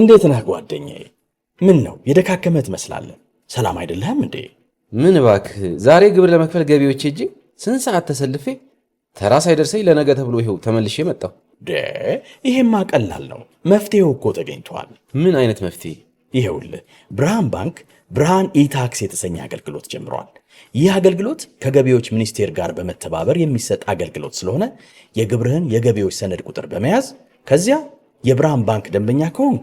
እንዴት ነህ ጓደኛዬ? ምን ነው የደካከመ ትመስላለህ። ሰላም አይደለህም እንዴ? ምን እባክህ፣ ዛሬ ግብር ለመክፈል ገቢዎች እጅ ስንት ሰዓት ተሰልፌ ተራ ሳይደርሰኝ ለነገ ተብሎ ይኸው ተመልሼ መጣሁ። ደ ይሄማ ቀላል ነው። መፍትሄው እኮ ተገኝቷል። ምን አይነት መፍትሄ? ይኸውልህ ብርሃን ባንክ ብርሃን ኢታክስ የተሰኘ አገልግሎት ጀምሯል። ይህ አገልግሎት ከገቢዎች ሚኒስቴር ጋር በመተባበር የሚሰጥ አገልግሎት ስለሆነ የግብርህን የገቢዎች ሰነድ ቁጥር በመያዝ ከዚያ የብርሃን ባንክ ደንበኛ ከሆንክ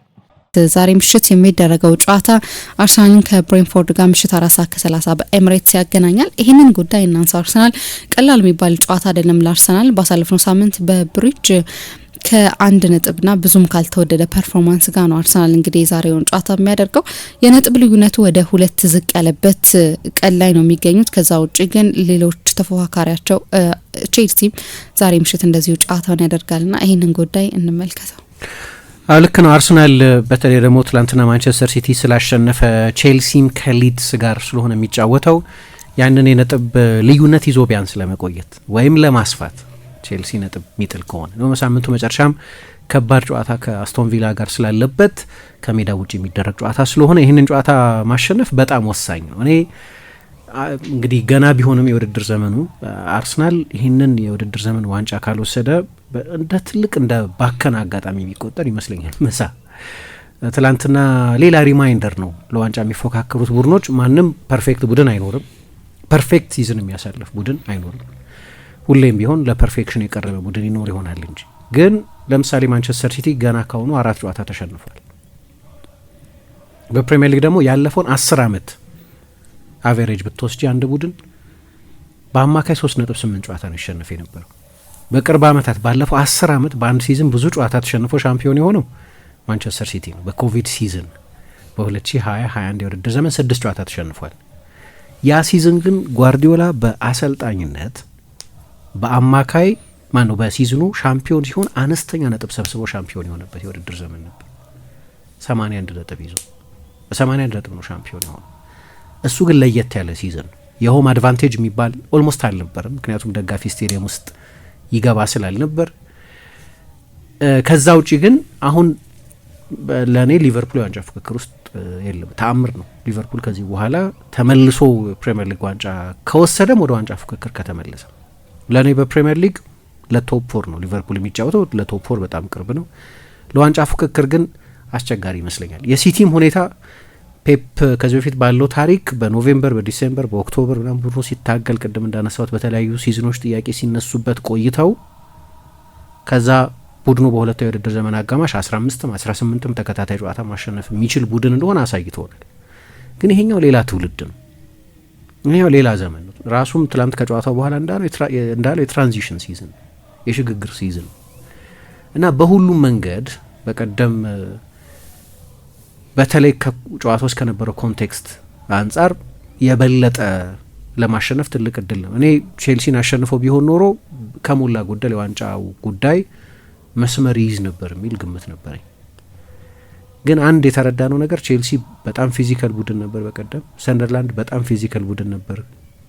ዛሬ ምሽት የሚደረገው ጨዋታ አርሰናልን ከብሬንፎርድ ጋር ምሽት አራት ሰዓት ከሰላሳ በኤምሬትስ ያገናኛል። ይህንን ጉዳይ እናንሳ። አርሰናል ቀላል የሚባል ጨዋታ አይደለም ለአርሰናል ባሳለፍነው ሳምንት በብሪጅ ከአንድ ነጥብና ብዙም ካልተወደደ ፐርፎርማንስ ጋር ነው አርሰናል እንግዲህ የዛሬውን ጨዋታ የሚያደርገው። የነጥብ ልዩነቱ ወደ ሁለት ዝቅ ያለበት ቀን ላይ ነው የሚገኙት። ከዛ ውጭ ግን ሌሎች ተፎካካሪያቸው ቼልሲም ዛሬ ምሽት እንደዚሁ ጨዋታውን ያደርጋልና ይህንን ጉዳይ እንመልከተው። ልክ ነው። አርሰናል በተለይ ደግሞ ትላንትና ማንቸስተር ሲቲ ስላሸነፈ ቼልሲም ከሊድስ ጋር ስለሆነ የሚጫወተው ያንን የነጥብ ልዩነት ይዞ ቢያንስ ለመቆየት ወይም ለማስፋት ቼልሲ ነጥብ የሚጥል ከሆነ ነው። በሳምንቱ መጨረሻም ከባድ ጨዋታ ከአስቶን ቪላ ጋር ስላለበት ከሜዳ ውጭ የሚደረግ ጨዋታ ስለሆነ ይህንን ጨዋታ ማሸነፍ በጣም ወሳኝ ነው። እኔ እንግዲህ ገና ቢሆንም የውድድር ዘመኑ አርሰናል ይህንን የውድድር ዘመን ዋንጫ ካልወሰደ እንደ ትልቅ እንደ ባከን አጋጣሚ የሚቆጠር ይመስለኛል። መሳ ትላንትና ሌላ ሪማይንደር ነው ለዋንጫ የሚፎካከሩት ቡድኖች። ማንም ፐርፌክት ቡድን አይኖርም። ፐርፌክት ሲዝን የሚያሳልፍ ቡድን አይኖርም። ሁሌም ቢሆን ለፐርፌክሽን የቀረበ ቡድን ይኖር ይሆናል እንጂ ግን ለምሳሌ ማንቸስተር ሲቲ ገና ካሁኑ አራት ጨዋታ ተሸንፏል። በፕሪምየር ሊግ ደግሞ ያለፈውን አስር አመት አቬሬጅ ብትወስጂ አንድ ቡድን በአማካይ ሶስት ነጥብ ስምንት ጨዋታ ነው ይሸንፍ የነበረው። በቅርብ ዓመታት ባለፈው አስር ዓመት በአንድ ሲዝን ብዙ ጨዋታ ተሸንፎ ሻምፒዮን የሆነው ማንቸስተር ሲቲ ነው። በኮቪድ ሲዝን በ2020/21 የውድድር ዘመን ስድስት ጨዋታ ተሸንፏል። ያ ሲዝን ግን ጓርዲዮላ በአሰልጣኝነት በአማካይ ማን ነው በሲዝኑ ሻምፒዮን ሲሆን አነስተኛ ነጥብ ሰብስቦ ሻምፒዮን የሆነበት የውድድር ዘመን ነበር። 81 ነጥብ ይዞ በ81 ነጥብ ነው ሻምፒዮን የሆነ እሱ ግን ለየት ያለ ሲዝን ነው። የሆም አድቫንቴጅ የሚባል ኦልሞስት አልነበርም፣ ምክንያቱም ደጋፊ ስቴዲየም ውስጥ ይገባ ስላልነበር። ከዛ ውጪ ግን አሁን ለእኔ ሊቨርፑል የዋንጫ ፉክክር ውስጥ የለም። ተአምር ነው። ሊቨርፑል ከዚህ በኋላ ተመልሶ ፕሪምየር ሊግ ዋንጫ ከወሰደም ወደ ዋንጫ ፍክክር ከተመለሰ ለእኔ በፕሪምየር ሊግ ለቶፕ ፎር ነው ሊቨርፑል የሚጫወተው። ለቶፕ ፎር በጣም ቅርብ ነው። ለዋንጫ ፉክክር ግን አስቸጋሪ ይመስለኛል። የሲቲም ሁኔታ ፔፕ ከዚህ በፊት ባለው ታሪክ በኖቬምበር፣ በዲሴምበር፣ በኦክቶበር ምናምን ቡድኑ ሲታገል ቅድም እንዳነሳሁት በተለያዩ ሲዝኖች ጥያቄ ሲነሱበት ቆይተው ከዛ ቡድኑ በሁለታዊ የውድድር ዘመን አጋማሽ 15ም 18ም ተከታታይ ጨዋታ ማሸነፍ የሚችል ቡድን እንደሆነ አሳይቶናል። ግን ይሄኛው ሌላ ትውልድ ነው። ይሄኛው ሌላ ዘመን ነው። ራሱም ትላንት ከጨዋታው በኋላ እንዳለው የትራንዚሽን ሲዝን የሽግግር ሲዝን እና በሁሉም መንገድ በቀደም በተለይ ከጨዋታዎች ከነበረው ኮንቴክስት አንጻር የበለጠ ለማሸነፍ ትልቅ እድል ነው። እኔ ቼልሲን አሸንፎ ቢሆን ኖሮ ከሞላ ጎደል የዋንጫው ጉዳይ መስመር ይይዝ ነበር የሚል ግምት ነበረኝ። ግን አንድ የተረዳነው ነገር ቼልሲ በጣም ፊዚካል ቡድን ነበር። በቀደም ሰንደርላንድ በጣም ፊዚካል ቡድን ነበር።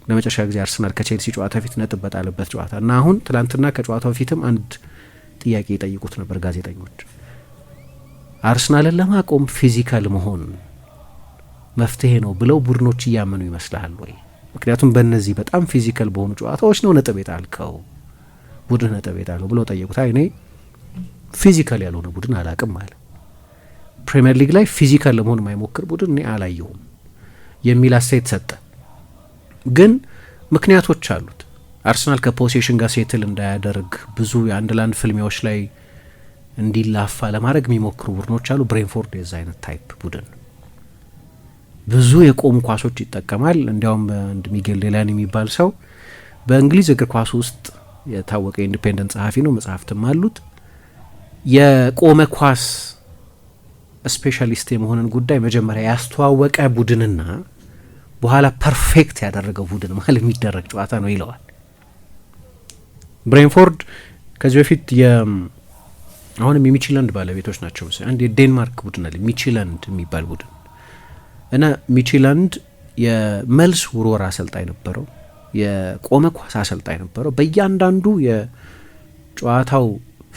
ለመጨረሻ ጊዜ አርሰናል ከቼልሲ ጨዋታ ፊት ነጥብ በጣለበት ጨዋታ እና አሁን ትናንትና ከጨዋታው ፊትም አንድ ጥያቄ ይጠይቁት ነበር ጋዜጠኞች አርሰናልን ለማቆም ፊዚካል መሆን መፍትሄ ነው ብለው ቡድኖች እያመኑ ይመስልሃል ወይ? ምክንያቱም በእነዚህ በጣም ፊዚካል በሆኑ ጨዋታዎች ነው ነጥብ የጣልከው ቡድን ነጥብ የጣለው ብለው ጠየቁት። እኔ ፊዚካል ያልሆነ ቡድን አላቅም አለ። ፕሪምየር ሊግ ላይ ፊዚካል ለመሆን የማይሞክር ቡድን እኔ አላየሁም የሚል አስተያየት ሰጠ። ግን ምክንያቶች አሉት። አርሰናል ከፖሴሽን ጋር ሴትል እንዳያደርግ ብዙ የአንድ ላንድ ፍልሚያዎች ላይ እንዲላፋ ለማድረግ የሚሞክሩ ቡድኖች አሉ። ብሬንፎርድ የዛ አይነት ታይፕ ቡድን ብዙ የቆሙ ኳሶች ይጠቀማል። እንዲያውም እንድ ሚጌል ሌላን የሚባል ሰው በእንግሊዝ እግር ኳስ ውስጥ የታወቀ ኢንዲፔንደንት ጸሐፊ ነው፣ መጽሐፍትም አሉት። የቆመ ኳስ ስፔሻሊስት የመሆንን ጉዳይ መጀመሪያ ያስተዋወቀ ቡድንና በኋላ ፐርፌክት ያደረገው ቡድን መሀል የሚደረግ ጨዋታ ነው ይለዋል ብሬንፎርድ ከዚህ በፊት አሁንም የሚችላንድ ባለቤቶች ናቸው። ምስ አንድ የዴንማርክ ቡድን አለ ሚችላንድ የሚባል ቡድን እና ሚችላንድ የመልስ ውርወራ አሰልጣኝ ነበረው፣ የቆመ ኳስ አሰልጣኝ ነበረው። በእያንዳንዱ የጨዋታው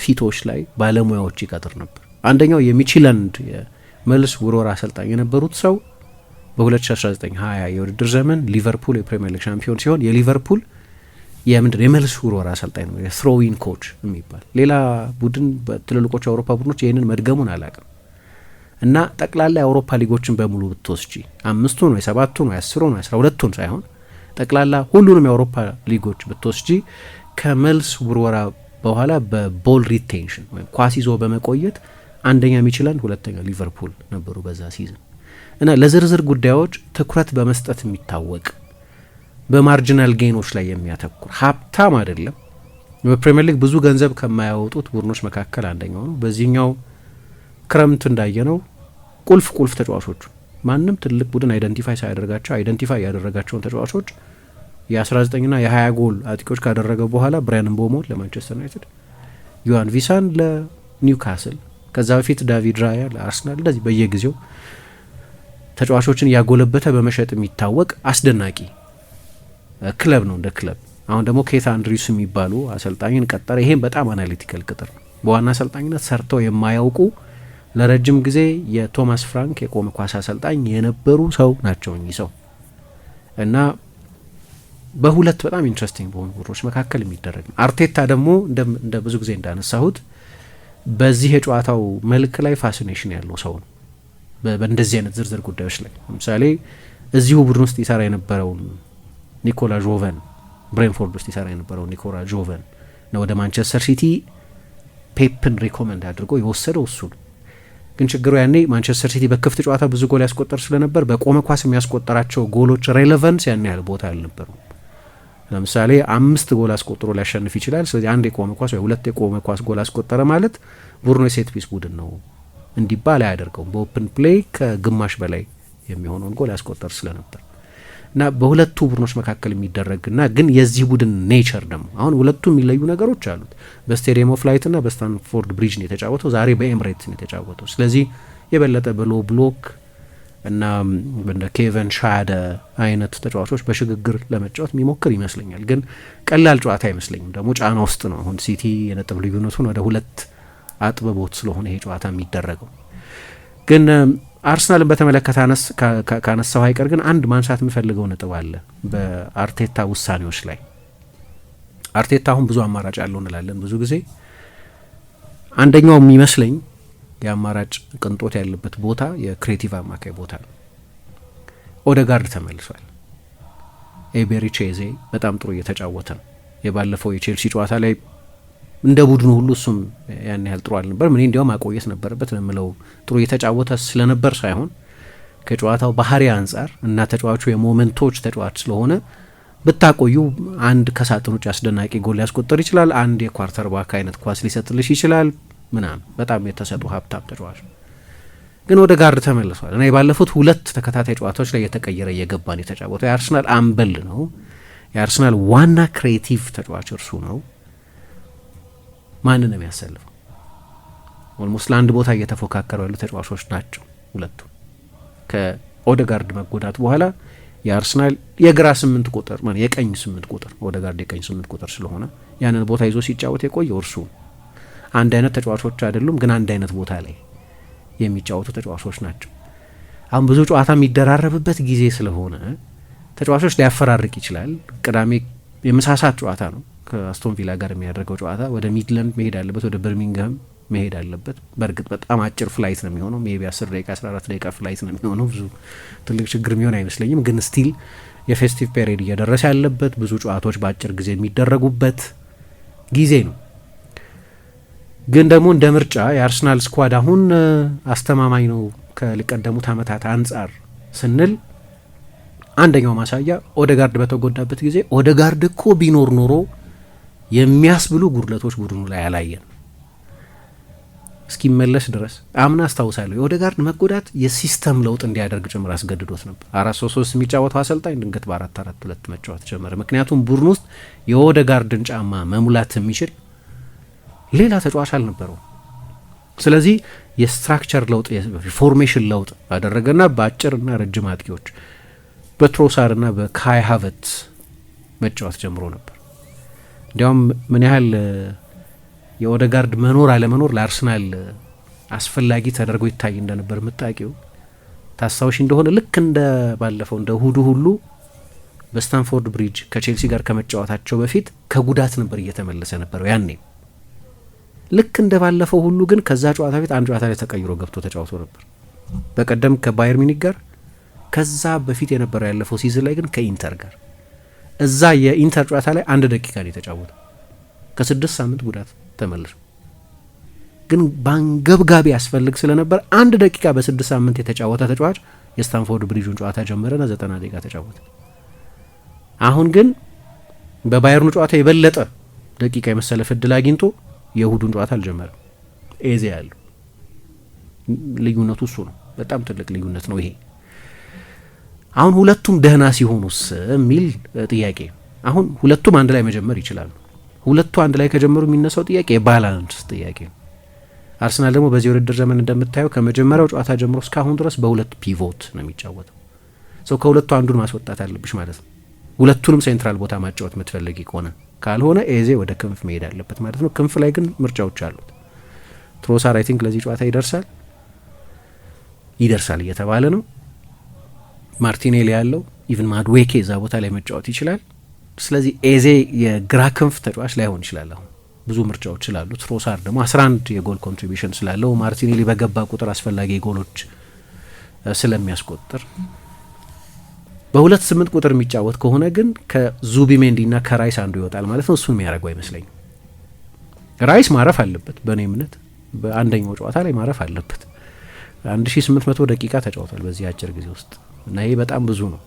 ፊቶች ላይ ባለሙያዎች ይቀጥር ነበር። አንደኛው የሚችላንድ የመልስ ውርወራ አሰልጣኝ የነበሩት ሰው በ2019 20 የውድድር ዘመን ሊቨርፑል የፕሪምየር ሊግ ሻምፒዮን ሲሆን የሊቨርፑል የምንድን የመልስ ውርወራ አሰልጣኝ ነው፣ የትሮዊን ኮች የሚባል ሌላ ቡድን በትልልቆቹ የአውሮፓ ቡድኖች ይህንን መድገሙን አላውቅም። እና ጠቅላላ የአውሮፓ ሊጎችን በሙሉ ብትወስጂ አምስቱን ወይ ሰባቱን ወይ አስሩን ወይ አስራ ሁለቱን ሳይሆን ጠቅላላ ሁሉንም የአውሮፓ ሊጎች ብትወስጂ ከመልስ ውርወራ በኋላ በቦል ሪቴንሽን ወይም ኳስ ይዞ በመቆየት አንደኛ ሚችለን ሁለተኛ ሊቨርፑል ነበሩ በዛ ሲዝን እና ለዝርዝር ጉዳዮች ትኩረት በመስጠት የሚታወቅ በማርጂናል ጌኖች ላይ የሚያተኩር ሀብታም አይደለም። በፕሪምየር ሊግ ብዙ ገንዘብ ከማያወጡት ቡድኖች መካከል አንደኛው ነው። በዚህኛው ክረምት እንዳየነው ቁልፍ ቁልፍ ተጫዋቾቹ ማንም ትልቅ ቡድን አይደንቲፋይ ሳያደርጋቸው አይደንቲፋይ ያደረጋቸውን ተጫዋቾች የ19ና የ20 ጎል አጥቂዎች ካደረገ በኋላ ብሪያን ምቦሞ ለማንቸስተር ዩናይትድ፣ ዮሃን ቪሳን ለኒውካስል፣ ከዛ በፊት ዳቪድ ራያ ለአርሰናል እንደዚህ በየጊዜው ተጫዋቾችን እያጎለበተ በመሸጥ የሚታወቅ አስደናቂ ክለብ ነው እንደ ክለብ። አሁን ደግሞ ኬት አንድሪውስ የሚባሉ አሰልጣኝን ቀጠረ። ይሄም በጣም አናሊቲካል ቅጥር ነው። በዋና አሰልጣኝነት ሰርተው የማያውቁ ለረጅም ጊዜ የቶማስ ፍራንክ የቆመ ኳስ አሰልጣኝ የነበሩ ሰው ናቸው እኚህ ሰው እና በሁለት በጣም ኢንትረስቲንግ በሆኑ ቡድኖች መካከል የሚደረግ ነው። አርቴታ ደግሞ እንደ ብዙ ጊዜ እንዳነሳሁት በዚህ የጨዋታው መልክ ላይ ፋሲኔሽን ያለው ሰው ነው። በእንደዚህ አይነት ዝርዝር ጉዳዮች ላይ ለምሳሌ እዚሁ ቡድን ውስጥ ይሰራ የነበረውን ኒኮላ ጆቨን ብሬንፎርድ ውስጥ ይሰራ የነበረው ኒኮላ ጆቨን ነው ወደ ማንቸስተር ሲቲ ፔፕን ሪኮመንድ አድርጎ የወሰደው እሱ ነው። ግን ችግሩ ያኔ ማንቸስተር ሲቲ በክፍት ጨዋታ ብዙ ጎል ያስቆጠር ስለነበር በቆመ ኳስ የሚያስቆጠራቸው ጎሎች ሬሌቨንስ ያን ያህል ቦታ አልነበሩም። ለምሳሌ አምስት ጎል አስቆጥሮ ሊያሸንፍ ይችላል። ስለዚህ አንድ የቆመ ኳስ ወይ ሁለት የቆመ ኳስ ጎል አስቆጠረ ማለት ቡድኑ የሴት ፒስ ቡድን ነው እንዲባል አያደርገውም። በኦፕን ፕሌይ ከግማሽ በላይ የሚሆነውን ጎል ያስቆጠር ስለነበር እና በሁለቱ ቡድኖች መካከል የሚደረግ እና ግን የዚህ ቡድን ኔቸር ደግሞ አሁን ሁለቱ የሚለዩ ነገሮች አሉት። በስቴዲየም ኦፍ ላይትና በስታንፎርድ ብሪጅ ነው የተጫወተው፣ ዛሬ በኤምሬትስ ነው የተጫወተው። ስለዚህ የበለጠ በሎ ብሎክ እና እንደ ኬቨን ሻደ አይነት ተጫዋቾች በሽግግር ለመጫወት የሚሞክር ይመስለኛል። ግን ቀላል ጨዋታ አይመስለኝም። ደግሞ ጫና ውስጥ ነው አሁን ሲቲ የነጥብ ልዩነቱን ወደ ሁለት አጥብቦት ስለሆነ ይሄ ጨዋታ የሚደረገው ግን አርሰናልን በተመለከተ ካነሳው አይቀር ግን አንድ ማንሳት የምፈልገው ነጥብ አለ በአርቴታ ውሳኔዎች ላይ። አርቴታ አሁን ብዙ አማራጭ አለው እንላለን ብዙ ጊዜ። አንደኛው የሚመስለኝ የአማራጭ ቅንጦት ያለበት ቦታ የክሬቲቭ አማካይ ቦታ ነው። ኦደጋርድ ተመልሷል። ኤቤሪቼዜ በጣም ጥሩ እየተጫወተ ነው። የባለፈው የቼልሲ ጨዋታ ላይ እንደ ቡድኑ ሁሉ እሱም ያን ያህል ጥሩ አልነበርም። እኔ እንዲያውም ማቆየት ነበረበት ለምለው ጥሩ እየተጫወተ ስለነበር ሳይሆን ከጨዋታው ባህሪ አንጻር እና ተጫዋቹ የሞመንቶች ተጫዋች ስለሆነ ብታቆዩ አንድ ከሳጥን ውጭ አስደናቂ ጎል ሊያስቆጠር ይችላል። አንድ የኳርተር ባክ አይነት ኳስ ሊሰጥልሽ ይችላል ምናም በጣም የተሰጡ ሀብታም ተጫዋች ግን ወደ ጋርድ ተመልሷል እና የባለፉት ሁለት ተከታታይ ጨዋታዎች ላይ የተቀየረ እየገባን የተጫወተው የአርሰናል አምበል ነው። የአርሰናል ዋና ክሬቲቭ ተጫዋች እርሱ ነው። ማንን ነው የሚያሰልፈው? ኦልሞስት ለአንድ ቦታ እየተፎካከሩ ያሉ ተጫዋቾች ናቸው ሁለቱ። ከኦደጋርድ መጎዳት በኋላ የአርሰናል የግራ ስምንት ቁጥር ማለት የቀኝ ስምንት ቁጥር ኦደጋርድ የቀኝ ስምንት ቁጥር ስለሆነ ያንን ቦታ ይዞ ሲጫወት የቆየው እርሱ አንድ አይነት ተጫዋቾች አይደሉም፣ ግን አንድ አይነት ቦታ ላይ የሚጫወቱ ተጫዋቾች ናቸው። አሁን ብዙ ጨዋታ የሚደራረብበት ጊዜ ስለሆነ ተጫዋቾች ሊያፈራርቅ ይችላል። ቅዳሜ የምሳሳት ጨዋታ ነው። ከአስቶን ቪላ ጋር የሚያደርገው ጨዋታ ወደ ሚድላንድ መሄድ አለበት፣ ወደ በርሚንግሃም መሄድ አለበት። በእርግጥ በጣም አጭር ፍላይት ነው የሚሆነው። ቢ 10 ደቂቃ 14 ደቂቃ ፍላይት ነው የሚሆነው። ብዙ ትልቅ ችግር የሚሆን አይመስለኝም። ግን ስቲል የፌስቲቭ ፔሪድ እየደረሰ ያለበት ብዙ ጨዋታዎች በአጭር ጊዜ የሚደረጉበት ጊዜ ነው። ግን ደግሞ እንደ ምርጫ የአርሰናል ስኳድ አሁን አስተማማኝ ነው ከሊቀደሙት ዓመታት አንጻር ስንል አንደኛው ማሳያ ኦደጋርድ በተጎዳበት ጊዜ ኦደጋርድ እኮ ቢኖር ኖሮ የሚያስብሉ ጉድለቶች ቡድኑ ላይ አላየን። እስኪመለስ ድረስ አምና አስታውሳለሁ የኦዴጋርድ መጎዳት የሲስተም ለውጥ እንዲያደርግ ጭምር አስገድዶት ነበር። አራት ሶስት ሶስት የሚጫወተው አሰልጣኝ ድንገት በአራት አራት ሁለት መጫወት ጀመረ። ምክንያቱም ቡድን ውስጥ የኦዴጋርድን ጫማ መሙላት የሚችል ሌላ ተጫዋች አልነበረው። ስለዚህ የስትራክቸር ለውጥ የፎርሜሽን ለውጥ አደረገና በአጭርና ረጅም አጥቂዎች በትሮሳርና በካይ ሃቨርትዝ መጫወት ጀምሮ ነበር። እንዲያውም ምን ያህል የኦደጋርድ መኖር አለመኖር ለአርሰናል አስፈላጊ ተደርጎ ይታይ እንደነበር ምጣቂው ታስታውሽ እንደሆነ ልክ እንደ ባለፈው እንደ እሁዱ ሁሉ በስታንፎርድ ብሪጅ ከቼልሲ ጋር ከመጫወታቸው በፊት ከጉዳት ነበር እየተመለሰ ነበረው ያኔ። ልክ እንደ ባለፈው ሁሉ ግን ከዛ ጨዋታ ፊት አንድ ጨዋታ ላይ ተቀይሮ ገብቶ ተጫውቶ ነበር፣ በቀደም ከባየር ሚኒክ ጋር። ከዛ በፊት የነበረው ያለፈው ሲዝን ላይ ግን ከኢንተር ጋር እዛ የኢንተር ጨዋታ ላይ አንድ ደቂቃ ነው የተጫወተው። ከስድስት ሳምንት ጉዳት ተመልሶ ግን በአንገብጋቢ ያስፈልግ ስለነበር አንድ ደቂቃ በስድስት ሳምንት የተጫወተ ተጫዋች የስታንፎርድ ብሪጁን ጨዋታ ጀመረና ዘጠና ደቂቃ ተጫወተ። አሁን ግን በባየርኑ ጨዋታ የበለጠ ደቂቃ የመሰለፍ እድል አግኝቶ የእሁዱን ጨዋታ አልጀመረም። ኤዜ ያሉ ልዩነቱ እሱ ነው። በጣም ትልቅ ልዩነት ነው ይሄ። አሁን ሁለቱም ደህና ሲሆኑስ የሚል ጥያቄ። አሁን ሁለቱም አንድ ላይ መጀመር ይችላሉ። ሁለቱ አንድ ላይ ከጀመሩ የሚነሳው ጥያቄ የባላንስ ጥያቄ ነው። አርሰናል ደግሞ በዚህ ውድድር ዘመን እንደምታየው ከመጀመሪያው ጨዋታ ጀምሮ እስካሁን ድረስ በሁለት ፒቮት ነው የሚጫወተው። ሰው ከሁለቱ አንዱን ማስወጣት አለብሽ ማለት ነው። ሁለቱንም ሴንትራል ቦታ ማጫወት የምትፈልጊ ከሆነ ካልሆነ ኤዜ ወደ ክንፍ መሄድ አለበት ማለት ነው። ክንፍ ላይ ግን ምርጫዎች አሉት። ትሮሳር አይ ቲንክ ለዚህ ጨዋታ ይደርሳል ይደርሳል እየተባለ ነው። ማርቲኔሊ ያለው ኢቭን ማድዌኬ እዛ ቦታ ላይ መጫወት ይችላል። ስለዚህ ኤዜ የግራ ክንፍ ተጫዋች ላይሆን ይችላል። አሁን ብዙ ምርጫዎች ስላሉት ትሮሳር ደግሞ 11 የጎል ኮንትሪቢሽን ስላለው ማርቲኔሊ በገባ ቁጥር አስፈላጊ ጎሎች ስለሚያስቆጥር በሁለት ስምንት ቁጥር የሚጫወት ከሆነ ግን ከዙቢሜንዲ ና ከራይስ አንዱ ይወጣል ማለት ነው። እሱን የሚያደርገው አይመስለኝም። ራይስ ማረፍ አለበት፣ በእኔ እምነት በአንደኛው ጨዋታ ላይ ማረፍ አለበት። 1800 ደቂቃ ተጫውቷል በዚህ አጭር ጊዜ ውስጥ እና ይሄ በጣም ብዙ ነው።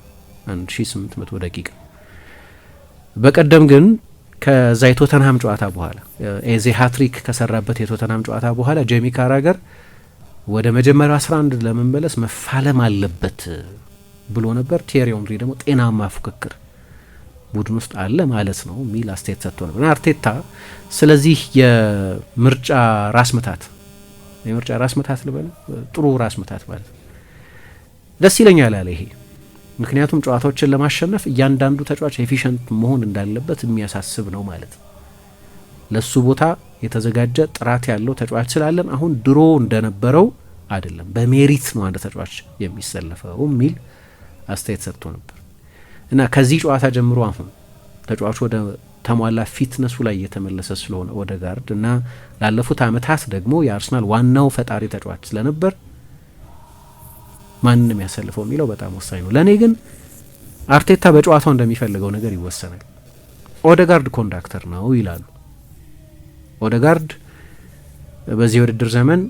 1800 ደቂቃ። በቀደም ግን ከዛ የቶተንሃም ጨዋታ በኋላ ኤዜ ሀትሪክ ከሰራበት የቶተንሃም ጨዋታ በኋላ ጄሚ ካራገር ወደ መጀመሪያው 11 ለመመለስ መፋለም አለበት ብሎ ነበር። ቴሪ ኦንሪ ደግሞ ጤናማ ፉክክር ቡድን ውስጥ አለ ማለት ነው የሚል አስተያየት ሰጥቶ ነበር። እና አርቴታ ስለዚህ የምርጫ ራስ ምታት የምርጫ ራስ ምታት ልበለ ጥሩ ራስ ምታት ማለት ነው ደስ ይለኛል ያለ ይሄ ምክንያቱም ጨዋታዎችን ለማሸነፍ እያንዳንዱ ተጫዋች ኤፊሽንት መሆን እንዳለበት የሚያሳስብ ነው ማለት ነው። ለሱ ቦታ የተዘጋጀ ጥራት ያለው ተጫዋች ስላለን አሁን ድሮ እንደነበረው አይደለም፣ በሜሪት ነው አንድ ተጫዋች የሚሰለፈው የሚል አስተያየት ሰጥቶ ነበር እና ከዚህ ጨዋታ ጀምሮ አሁን ተጫዋቹ ወደ ተሟላ ፊትነሱ ላይ እየተመለሰ ስለሆነ ጋርድ እና ላለፉት አመታት ደግሞ የአርሰናል ዋናው ፈጣሪ ተጫዋች ስለነበር ማንንም ያሰልፈው የሚለው በጣም ወሳኝ ነው። ለእኔ ግን አርቴታ በጨዋታው እንደሚፈልገው ነገር ይወሰናል። ኦደጋርድ ኮንዳክተር ነው ይላሉ። ኦደጋርድ በዚህ የውድድር ዘመን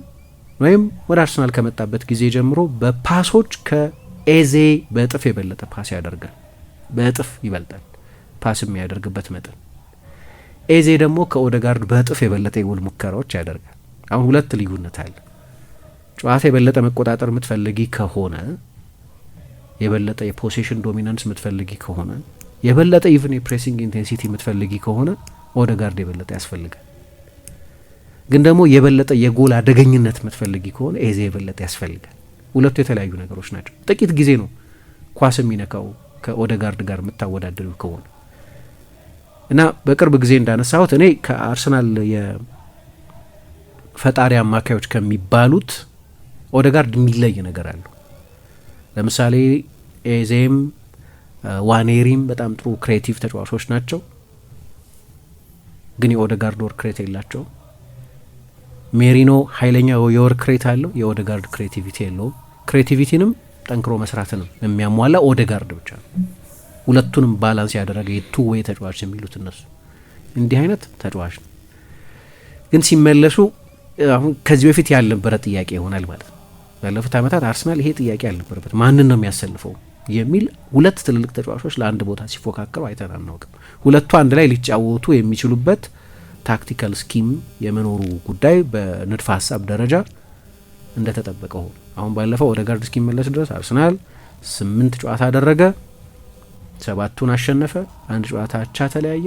ወይም ወደ አርሰናል ከመጣበት ጊዜ ጀምሮ በፓሶች ከኤዜ በእጥፍ የበለጠ ፓስ ያደርጋል። በእጥፍ ይበልጣል ፓስ የሚያደርግበት መጠን። ኤዜ ደግሞ ከኦደጋርድ በእጥፍ የበለጠ የጎል ሙከራዎች ያደርጋል። አሁን ሁለት ልዩነት አለ። ጨዋታ የበለጠ መቆጣጠር የምትፈልጊ ከሆነ የበለጠ የፖሴሽን ዶሚናንስ የምትፈልጊ ከሆነ የበለጠ ኢቭን የፕሬሲንግ ኢንቴንሲቲ የምትፈልጊ ከሆነ ኦደጋርድ የበለጠ ያስፈልጋል። ግን ደግሞ የበለጠ የጎል አደገኝነት የምትፈልጊ ከሆነ ኤዜ የበለጠ ያስፈልጋል። ሁለቱ የተለያዩ ነገሮች ናቸው። ጥቂት ጊዜ ነው ኳስ የሚነካው ከኦደጋርድ ጋር የምታወዳደሩ ከሆነ እና በቅርብ ጊዜ እንዳነሳሁት እኔ ከአርሰናል የፈጣሪ አማካዮች ከሚባሉት ኦደጋርድ የሚለይ ነገር አለው። ለምሳሌ ኤዜም ዋኔሪም በጣም ጥሩ ክሬቲቭ ተጫዋቾች ናቸው፣ ግን የኦደጋርድ ወርክ ሬት የላቸው። ሜሪኖ ኃይለኛ የወርክ ሬት አለው፣ የኦደጋርድ ክሬቲቪቲ የለውም። ክሬቲቪቲንም ጠንክሮ መስራትንም የሚያሟላ ኦደጋርድ ብቻ ነው። ሁለቱንም ባላንስ ያደረገ የቱ ወይ ተጫዋች የሚሉት እነሱ እንዲህ አይነት ተጫዋች ነው። ግን ሲመለሱ አሁን ከዚህ በፊት ያልነበረ ጥያቄ ይሆናል ማለት ነው። ባለፉት ዓመታት አርሰናል ይሄ ጥያቄ አልነበረበት። ማንን ነው የሚያሰልፈው የሚል ሁለት ትልልቅ ተጫዋቾች ለአንድ ቦታ ሲፎካከሩ አይተን አናውቅም። ሁለቱ አንድ ላይ ሊጫወቱ የሚችሉበት ታክቲካል ስኪም የመኖሩ ጉዳይ በንድፈ ሀሳብ ደረጃ እንደተጠበቀ ሆኖ አሁን ባለፈው ወደ ጋርድ እስኪመለስ ድረስ አርሰናል ስምንት ጨዋታ አደረገ፣ ሰባቱን አሸነፈ፣ አንድ ጨዋታ አቻ ተለያየ።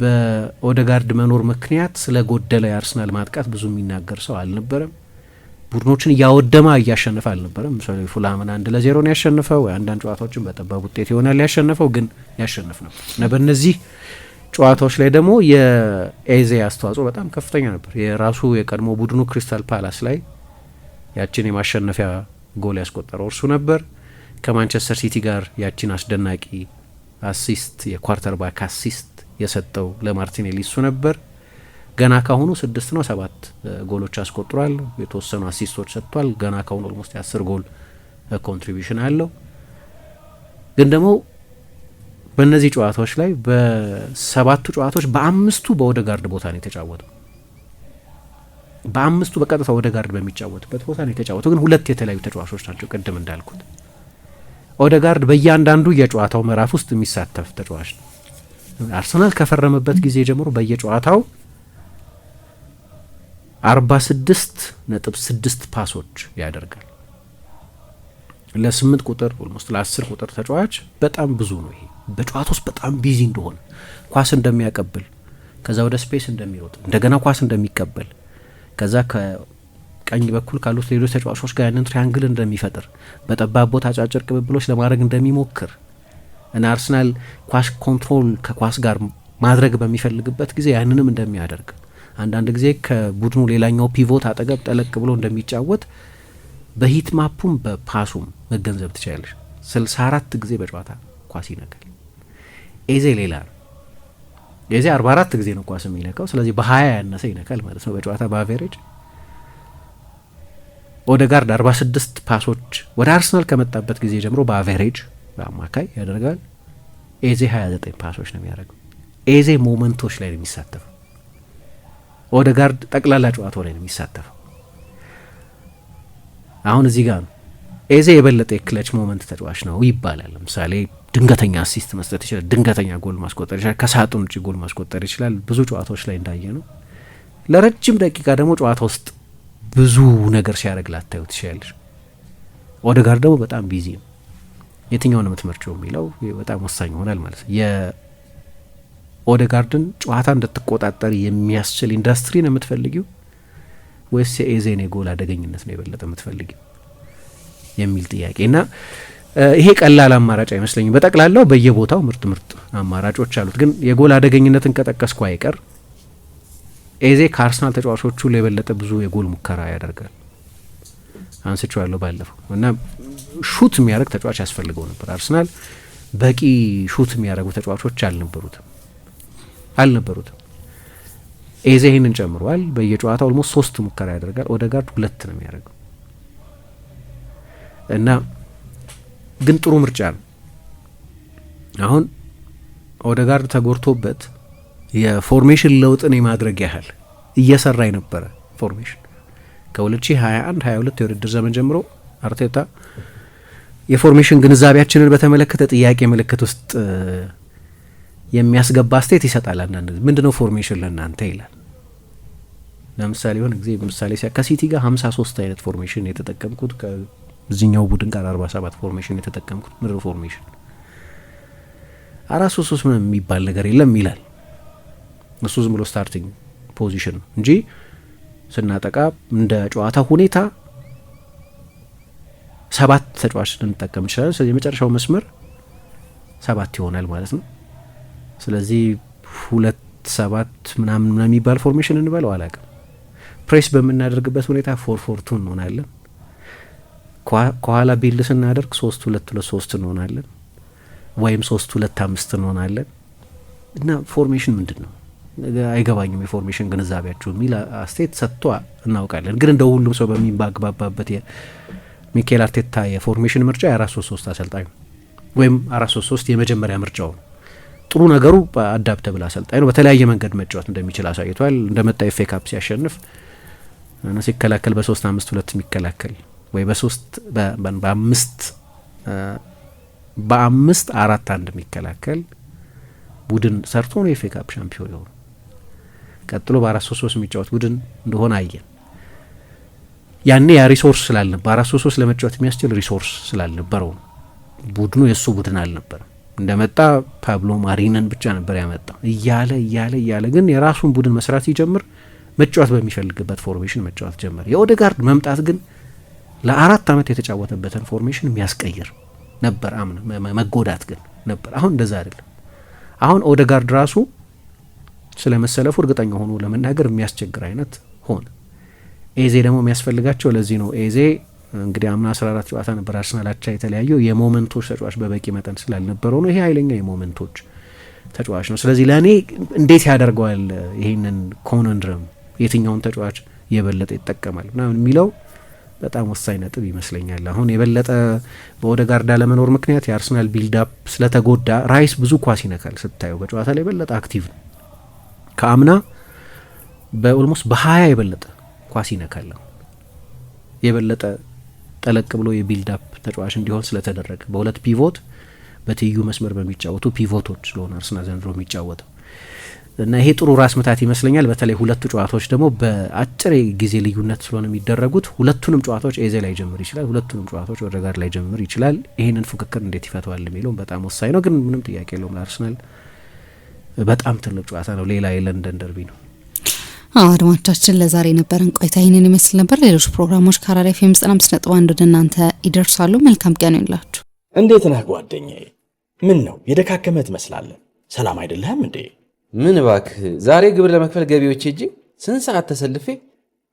በኦደጋርድ መኖር ምክንያት ስለ ጎደለ የአርሰናል ማጥቃት ብዙ የሚናገር ሰው አልነበረም። ቡድኖችን እያወደማ እያሸነፈ አልነበረም። ምሳሌ ፉላምን አንድ ለዜሮ ነው ያሸንፈው። አንዳንድ ጨዋታዎችን በጠባብ ውጤት ይሆናል ያሸነፈው፣ ግን ያሸንፍ ነው እና በእነዚህ ጨዋታዎች ላይ ደግሞ የኤዜ አስተዋጽኦ በጣም ከፍተኛ ነበር። የራሱ የቀድሞ ቡድኑ ክሪስታል ፓላስ ላይ ያችን የማሸነፊያ ጎል ያስቆጠረው እርሱ ነበር። ከማንቸስተር ሲቲ ጋር ያችን አስደናቂ አሲስት የኳርተር ባክ አሲስት የሰጠው ለማርቲኔሊ እሱ ነበር። ገና ካሁኑ ስድስት ነው ሰባት ጎሎች አስቆጥሯል። የተወሰኑ አሲስቶች ሰጥቷል። ገና ካሁኑ ኦልሞስት የአስር ጎል ኮንትሪቢሽን አለው። ግን ደግሞ በእነዚህ ጨዋታዎች ላይ በሰባቱ ጨዋታዎች በአምስቱ ጋርድ ቦታ ነው የተጫወተው። በአምስቱ በቀጥታ ወደ ጋርድ በሚጫወትበት ቦታ ነው የተጫወተው። ግን ሁለት የተለያዩ ተጫዋቾች ናቸው። ቅድም እንዳልኩት ኦደጋርድ በእያንዳንዱ የጨዋታው ምዕራፍ ውስጥ የሚሳተፍ ተጫዋች ነው። አርሰናል ከፈረመበት ጊዜ ጀምሮ በየጨዋታው 46 ነጥብ 6 ፓሶች ያደርጋል። ለስምንት ቁጥር ኦልሞስት ለአስር ቁጥር ተጫዋች በጣም ብዙ ነው። ይሄ በጨዋታ ውስጥ በጣም ቢዚ እንደሆነ ኳስ እንደሚያቀብል ከዛ ወደ ስፔስ እንደሚሮጥ እንደገና ኳስ እንደሚቀበል ከዛ ከቀኝ በኩል ካሉት ሌሎች ተጫዋቾች ጋር ያንን ትሪያንግል እንደሚፈጥር በጠባብ ቦታ አጫጭር ቅብብሎች ለማድረግ እንደሚሞክር እና አርሰናል ኳስ ኮንትሮል ከኳስ ጋር ማድረግ በሚፈልግበት ጊዜ ያንንም እንደሚያደርግ አንዳንድ ጊዜ ከቡድኑ ሌላኛው ፒቮት አጠገብ ጠለቅ ብሎ እንደሚጫወት በሂት ማፑም በፓሱም መገንዘብ ትችላለች። ስልሳ አራት ጊዜ በጨዋታ ኳስ ይነካል። ኤዜ ሌላ ነው። ኤዜ አርባ አራት ጊዜ ነው ኳስ የሚነካው። ስለዚህ በሀያ ያነሰ ይነካል ማለት ነው በጨዋታ በአቬሬጅ። ኦደጋርድ አርባ ስድስት ፓሶች ወደ አርሰናል ከመጣበት ጊዜ ጀምሮ በአቬሬጅ በአማካይ ያደርጋል። ኤዜ ሀያ ዘጠኝ ፓሶች ነው የሚያደርገው። ኤዜ ሞመንቶች ላይ ነው የሚሳተፈው ጋርድ ጠቅላላ ጨዋታው ላይ ነው የሚሳተፈው። አሁን እዚህ ጋር ነው ኤዜ የበለጠ የክለች ሞመንት ተጫዋች ነው ይባላል። ለምሳሌ ድንገተኛ አሲስት መስጠት ይችላል፣ ድንገተኛ ጎል ማስቆጠር ይችላል፣ ከሳጥን ውጭ ጎል ማስቆጠር ይችላል። ብዙ ጨዋታዎች ላይ እንዳየ ነው። ለረጅም ደቂቃ ደግሞ ጨዋታ ውስጥ ብዙ ነገር ሲያደርግ ላታዩ ትችላለች። ኦደጋርድ ደግሞ በጣም ቢዚ ነው። የትኛውን የምትመርጨው የሚለው በጣም ወሳኝ ይሆናል ማለት ነው። ኦደጋርድን ጨዋታ እንድትቆጣጠር የሚያስችል ኢንዱስትሪ ነው የምትፈልጊው ወይስ የኤዜን የጎል አደገኝነት ነው የበለጠ የምትፈልጊው የሚል ጥያቄ እና ይሄ ቀላል አማራጭ አይመስለኝም። በጠቅላላው በየቦታው ምርጥ ምርጥ አማራጮች አሉት። ግን የጎል አደገኝነትን ከጠቀስኩ አይቀር ኤዜ ከአርሰናል ተጫዋቾቹ የበለጠ ብዙ የጎል ሙከራ ያደርጋል አንስቼዋለሁ ባለፈው እና ሹት የሚያደርግ ተጫዋች ያስፈልገው ነበር። አርሰናል በቂ ሹት የሚያደርጉ ተጫዋቾች አልነበሩትም። አልነበሩትም። ኤዜ ይህንን ጨምሯል። በየጨዋታው ኦልሞስት ሶስት ሙከራ ያደርጋል። ኦደጋርድ ሁለት ነው የሚያደርገው እና ግን ጥሩ ምርጫ ነው። አሁን ኦደጋርድ ተጎድቶበት የፎርሜሽን ለውጥን የማድረግ ያህል እየሰራ የነበረ ፎርሜሽን ከ2021 22 የውድድር ዘመን ጀምሮ አርቴታ የፎርሜሽን ግንዛቤያችንን በተመለከተ ጥያቄ ምልክት ውስጥ የሚያስገባ አስተያየት ይሰጣል። አንዳንድ ጊዜ ምንድነው ፎርሜሽን ለእናንተ ይላል። ለምሳሌ የሆነ ጊዜ ምሳሌ ሲያ ከሲቲ ጋር ሀምሳ ሶስት አይነት ፎርሜሽን የተጠቀምኩት ከዚኛው ቡድን ጋር አርባ ሰባት ፎርሜሽን የተጠቀምኩት ምድር ፎርሜሽን አራት ሶስት ሶስት የሚባል ነገር የለም ይላል። እሱ ዝም ብሎ ስታርቲንግ ፖዚሽን ነው እንጂ ስናጠቃ እንደ ጨዋታ ሁኔታ ሰባት ተጫዋች ልንጠቀም እንችላለን። ስለዚህ የመጨረሻው መስመር ሰባት ይሆናል ማለት ነው። ስለዚህ ሁለት ሰባት ምናምን የሚባል ፎርሜሽን እንበለው አላቅም። ፕሬስ በምናደርግበት ሁኔታ ፎር ፎር ቱ እንሆናለን። ከኋላ ቢልድ ስናደርግ ሶስት ሁለት ሁለት ሶስት እንሆናለን ወይም ሶስት ሁለት አምስት እንሆናለን። እና ፎርሜሽን ምንድን ነው አይገባኝም፣ የፎርሜሽን ግንዛቤያችሁ የሚል አስተያየት ሰጥቶ እናውቃለን። ግን እንደ ሁሉም ሰው በሚባግባባበት የሚኬል አርቴታ የፎርሜሽን ምርጫ የአራት ሶስት ሶስት አሰልጣኝ ወይም አራት ሶስት ሶስት የመጀመሪያ ምርጫው ነው። ጥሩ ነገሩ አዳፕተብል አሰልጣኝ ነው። በተለያየ መንገድ መጫወት እንደሚችል አሳይቷል። እንደመጣ ኤፍ ኤ ካፕ ሲያሸንፍ ሲከላከል በሶስት አምስት ሁለት የሚከላከል ወይ በሶስት በአምስት በአምስት አራት አንድ የሚከላከል ቡድን ሰርቶ ነው የኤፍ ኤ ካፕ ሻምፒዮን የሆኑ። ቀጥሎ በአራት ሶስት ሶስት የሚጫወት ቡድን እንደሆነ አየን። ያኔ ያ ሪሶርስ ስላልነበር አራት ሶስት ሶስት ለመጫወት የሚያስችል ሪሶርስ ስላልነበረው ቡድኑ የእሱ ቡድን አልነበርም። እንደመጣ ፓብሎ ማሪነን ብቻ ነበር ያመጣ እያለ እያለ እያለ ግን የራሱን ቡድን መስራት ሲጀምር መጫወት በሚፈልግበት ፎርሜሽን መጫወት ጀመር። የኦደጋርድ መምጣት ግን ለአራት ዓመት የተጫወተበትን ፎርሜሽን የሚያስቀይር ነበር። አምና መጎዳት ግን ነበር። አሁን እንደዛ አይደለም። አሁን ኦደጋርድ ራሱ ስለ መሰለፉ እርግጠኛ ሆኖ ለመናገር የሚያስቸግር አይነት ሆነ። ኤዜ ደግሞ የሚያስፈልጋቸው ለዚህ ነው ኤዜ እንግዲህ አምና አስራ አራት ጨዋታ ነበር አርሰናል አቻ የተለያየው። የሞመንቶች ተጫዋች በበቂ መጠን ስላልነበረው ነው። ይሄ ኃይለኛ የሞመንቶች ተጫዋች ነው። ስለዚህ ለእኔ እንዴት ያደርገዋል ይሄንን ኮነንድረም የትኛውን ተጫዋች የበለጠ ይጠቀማል ምናምን የሚለው በጣም ወሳኝ ነጥብ ይመስለኛል። አሁን የበለጠ ጋርዳ ለመኖር ምክንያት የአርሰናል ቢልዳፕ ስለተጎዳ ራይስ ብዙ ኳስ ይነካል ስታየው፣ በጨዋታ ላይ የበለጠ አክቲቭ ነው። ከአምና በኦልሞስት በሀያ የበለጠ ኳስ ይነካል። አሁን የበለጠ ጠለቅ ብሎ የቢልድ አፕ ተጫዋች እንዲሆን ስለተደረገ በሁለት ፒቮት በትይዩ መስመር በሚጫወቱ ፒቮቶች ስለሆነ አርሰናል ዘንድሮ የሚጫወተው እና ይሄ ጥሩ ራስ ምታት ይመስለኛል። በተለይ ሁለቱ ጨዋታዎች ደግሞ በአጭር ጊዜ ልዩነት ስለሆነ የሚደረጉት ሁለቱንም ጨዋታዎች ኤዜ ላይ ጀምር ይችላል፣ ሁለቱንም ጨዋታዎች ጋር ላይ ጀምር ይችላል። ይህንን ፉክክር እንዴት ይፈተዋል የሚለውም በጣም ወሳኝ ነው። ግን ምንም ጥያቄ የለውም ለአርስናል በጣም ትልቅ ጨዋታ ነው። ሌላ የለንደን ደርቢ ነው። አድማጮቻችን ለዛሬ የነበረን ቆይታ ይህንን ይመስል ነበር። ሌሎች ፕሮግራሞች ከአራዳ ኤፍ ኤም ዘጠና አምስት ነጥብ አንድ ወደ እናንተ ይደርሳሉ። መልካም ቀን ይሁንላችሁ። እንዴት ነህ ጓደኛዬ? ምን ነው የደካከመ ትመስላለህ። ሰላም አይደለህም እንዴ? ምን እባክህ፣ ዛሬ ግብር ለመክፈል ገቢዎች እጅ ስንት ሰዓት ተሰልፌ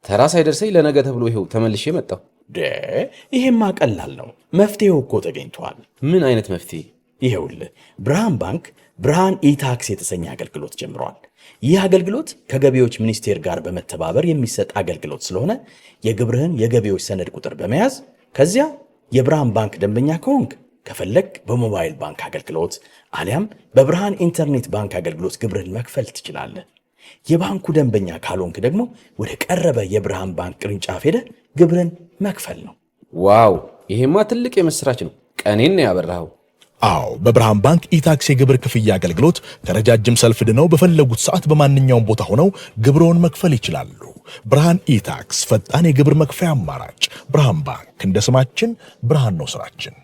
ተራ ሳይደርሰኝ ለነገ ተብሎ ይኸው ተመልሼ መጣሁ። ይሄማ ቀላል ነው፣ መፍትሄው እኮ ተገኝቷል። ምን አይነት መፍትሄ? ይኸውልህ ብርሃን ባንክ ብርሃን ኢታክስ የተሰኘ አገልግሎት ጀምሯል። ይህ አገልግሎት ከገቢዎች ሚኒስቴር ጋር በመተባበር የሚሰጥ አገልግሎት ስለሆነ የግብርህን የገቢዎች ሰነድ ቁጥር በመያዝ ከዚያ የብርሃን ባንክ ደንበኛ ከሆንክ ከፈለግ በሞባይል ባንክ አገልግሎት አሊያም በብርሃን ኢንተርኔት ባንክ አገልግሎት ግብርህን መክፈል ትችላለህ። የባንኩ ደንበኛ ካልሆንክ ደግሞ ወደ ቀረበ የብርሃን ባንክ ቅርንጫፍ ሄደ ግብርን መክፈል ነው። ዋው! ይሄማ ትልቅ የምሥራች ነው። ቀኔን ነው ያበራኸው። አዎ በብርሃን ባንክ ኢታክስ የግብር ክፍያ አገልግሎት ከረጃጅም ሰልፍ ድነው በፈለጉት ሰዓት በማንኛውም ቦታ ሆነው ግብርዎን መክፈል ይችላሉ። ብርሃን ኢታክስ ፈጣን የግብር መክፈያ አማራጭ። ብርሃን ባንክ እንደ ስማችን ብርሃን ነው ስራችን።